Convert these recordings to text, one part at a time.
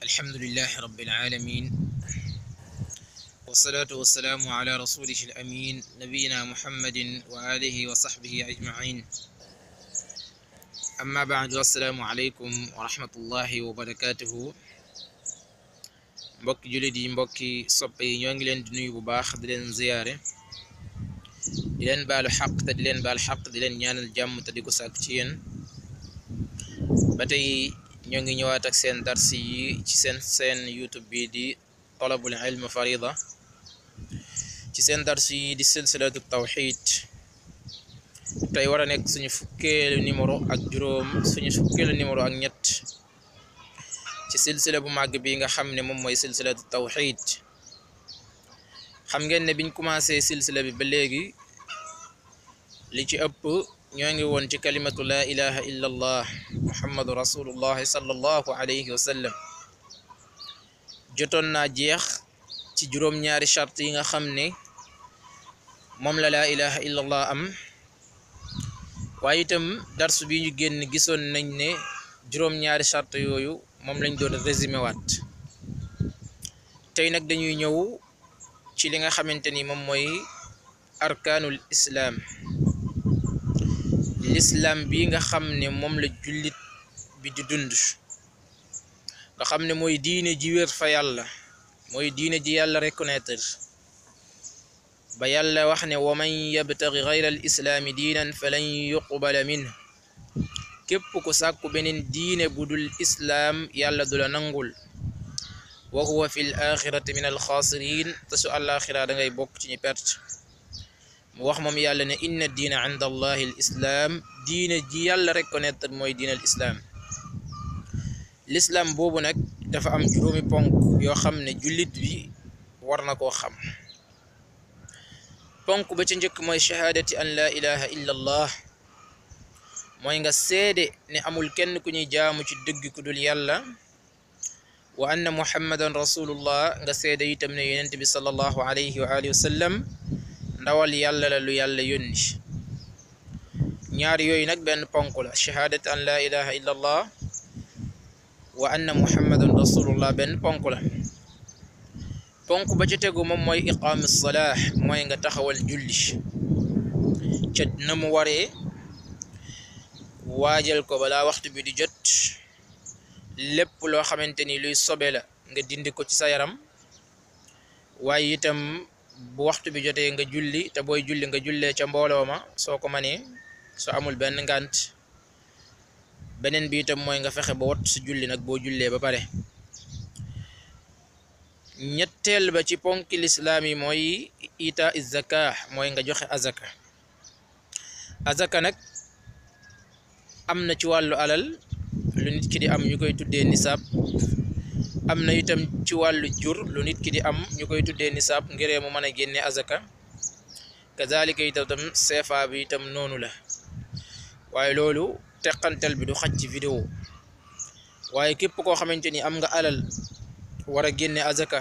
alhamdulillahi rabbil alamin والصلاة والسلام على رسوله الأمين نبينا محمد وآله وصحبه أجمعين أما بعد السلام عليكم ورحمة الله وبركاته mbokki jullit yi mbokki soppe yi ñoo ngi leen di nuyu bu baax di leen ziyaare di leen baalu xaq te di leen baal xaq di leen ñaanal jàmm te di ko sàkk ci yéen ba tey ñoo ngi ñëwaat ak seen darsi yi ci seen seen youtube bii di talabul ilm farida ci seen darsi yi di silsilatu tawxid tey war a nekk suñu fukkeelu numéro ak juróom suñu fukkeelu numéro ak ñett ci silsila bu màgg bi nga xam ne moom mooy silsilatu tawxid xam ngeen ne biñ commencé silsila bi ba léegi li ci ëpp ñoo ngi woon ci kalimatu laa ilaha illa allah muhammadu rasulullahi sallallahu alayhi wa sallam jotoon naa jeex ci juróom-ñaari chart yi nga xam ne moom la laa ilaha illa allah am waaye itam darsu bi ñu génn gisoon nañ ne juróom-ñaari chart yooyu moom lañ doon résumé waat tey nag dañuy ñëw ci li nga xamante ni moom mooy arkaanul islaam lislaam bi nga xam ne moom la jullit bi di dund xam ne mooy diine ji wér fa yàlla mooy diine ji yàlla reconnaître ba yàlla wax ne wa man yabtagi gayra al islaami diinan falan yuqbala min képp ku sàkku beneen diine bu dul islaam yàlla du la nangul wa huwa fi l min alxaasirin te su àllaaxira da bokk ci ñu perte wax moom yàlla ne inna diina inda allahi ji yàlla reconnaître mooy diina l islaam l'islaam boobu nag dafa am juróomi ponk yoo xam ne jullit bi war na koo xam ponk ba ci njëkk mooy shahaadati an laa ilaha illa allah mooy nga seede ne amul kenn ku ñuy jaamu ci dëgg ku dul yàlla wa anna muhammadan rasulullah nga seede itam ne yonent bi sallallahu alayhi wa alihi ndawal yàlla la lu yàlla yónni ñaar yooyu nag benn ponk la shahaadat an laa ilaha illa allah wa anna muhammadan rasulullah benn ponk la ponk ba ca tegu moom mooy iqaam salaa nga taxawal julli ca na mu waree waajal ko balaa waxtu bi di jot lépp loo xamante ni luy sobe la nga dindi ko ci sa yaram bu waxtu bi jotee nga julli te booy julli nga jullee ca mbooloo ma soo ko manee soo amul benn ngànt beneen bi itam mooy nga fexe ba wat si julli nag boo jullee ba pare ñetteel ba ci ponki lislaam yi mooy ita izaka mooy nga joxe azaka azaka nag am na ci wàllu alal lu nit ki di am ñu koy tuddee nisaab am na itam ci wàllu jur lu nit ki di am ñu koy tuddee nisaab ngiree mu mën a génne azaka kazalika itam seefa bi itam noonu la waaye loolu teqantal bi du xaj ci vidéo waaye képp koo xamante ni am nga alal war a génne azaka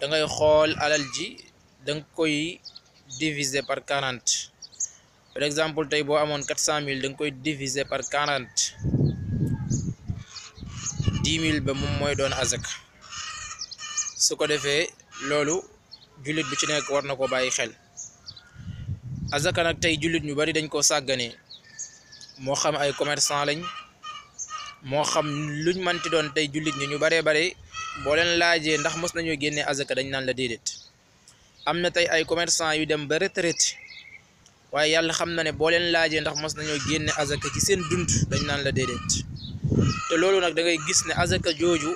da ngay xool alal ji danga koy diviser par quarante par exemple tey boo amoon quatre cent mille da nga koy diviser par quarante dix mille ba moom mooy doon azak su ko defee loolu jullit bu ci nekk war na ko bàyyi xel azaka nag tey jullit ñu bari dañ koo sàggane moo xam ay commerçant lañ moo xam luñ manti doon tey jullit ñi ñu baree bare boo leen laajee ndax mos nañoo génne azaka dañ naan la déedéet am na tey ay commerçant yu dem ba retraite waaye yàlla xam na ne boo leen laajee ndax mos nañoo génne azaka ci seen dund dañ naan la déedéet te loolu nag da ngay gis ne azaka jooju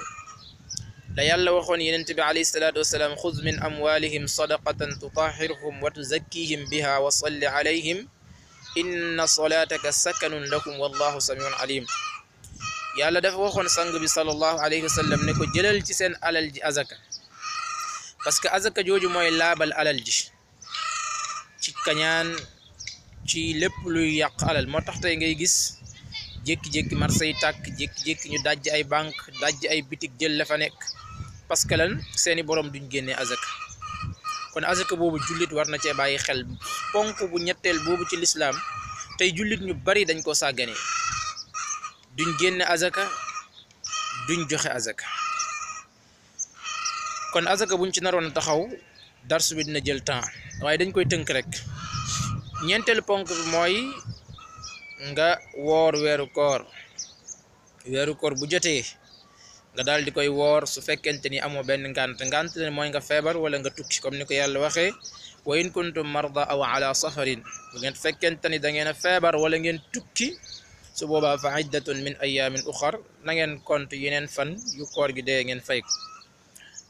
la yàlla waxoon yenent bi alayhi salaatu wassalaam xud min amwalihim sadaqatan tutahhiruhum wa tuzakkihim biha wa salli alayhim inna solataka sakanun lakum wallahu samiun alim yàlla dafa waxoon sang bi sallallahu alayhi wa sallam ne ci seen alal ji azaka parce que azaka jooju mooy laabal alal ji ci kañaan ci lépp luy yàq alal moo tax tey ngay gis jékki-jékki marché yi tàkk jékki-jékki ñu dajj ay banque dajj ay bitik jël la fa nekk parce que lan seeni borom duñ génne azaka kon azaka boobu jullit war na cee bàyyi xel ponk bu ñetteel boobu ci lislaam tey jullit ñu bari dañ koo sàggane duñ génne azaka duñ joxe azaka kon azaka buñ ci naroon a taxaw darsu bi dina jël temps waaye dañ koy tënk rek ñeenteelu ponk mooy nga woor weeru koor weeru koor bu jotee nga daal di koy woor su fekkente ni amoo benn ngant ngant leen mooy nga feebar wala nga tukki comme ni ko yàlla waxee wa in kuntum marda aw ala safarin bu ngeen fekkente ni da ngeen a feebar wala ngeen tukki su boobaa fa iddatun min ayaamin uxar na ngeen compte yeneen fan yu koor gi dee ngeen fay ko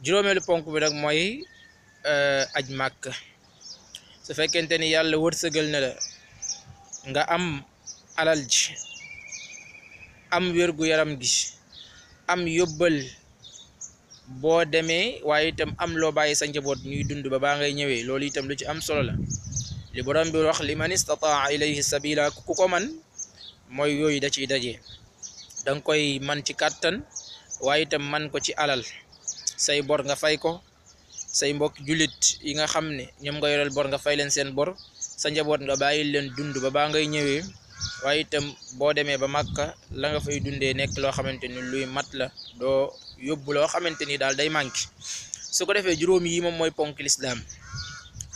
juróomeelu ponk bi nag mooy euh, aj màkk su fekkente yàlla wërsëgal na la nga am alal ji am wérgu yaram gi am yóbbal boo demee waaye itam am loo bàyyi sa njaboot ñuy dund ba baa ngay ñëwee loolu itam lu ci am solo la li borom bi wax li man istataa ilayhi sabila ku ko man mooy yooyu da ciy daje danga koy man ci kàttan waaye itam man ko ci alal say bor nga fay ko say mbokk julit yi nga xam ne ñoom nga yoreel bor nga fay leen seen bor sa njaboot nga bàyyi leen dund ba baa ngay ñëwee waaye itam boo demee ba màkka la nga fay dundee nekk loo xamante ni luy mat la doo yóbbu loo xamante ni daal day manqué su ko defee juróom yi moom mooy ponk lislaam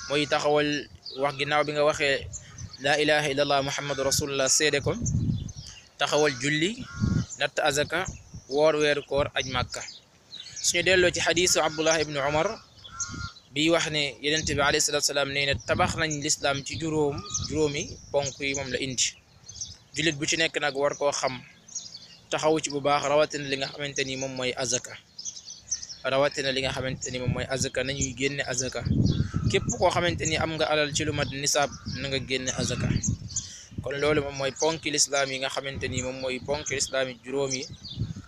mooy taxawal wax ginnaaw bi nga waxee laa ilaha illallah muhammadu rasulullah seede ko taxawal julli natt azaka woor weeru koor aj màkka suñu delloo ci xadiisu abdullah ibnu umar bi wax ne yenent bi alayhi salatu salaam nee tabax nañ lislaam ci juróom juróomi ponk yi moom la indi jullit bu ci nekk nag war koo xam taxaw ci bu baax rawatina li nga xamante ni moom mooy azaka rawatina li nga xamante ni moom mooy azaka nañuy génne azaka képp koo xamante ni am nga alal ci lu mat nisaab na nga génne azaka kon loolu moom mooy ponki lislaam yi nga xamante ni moom mooy ponki lislaam yi juróom yi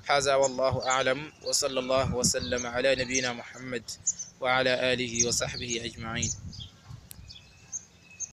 haza wallahu aalam wa sallallahu wa sallama ala nabiyina muhammad wa ala alihi wa sahbihi ajmain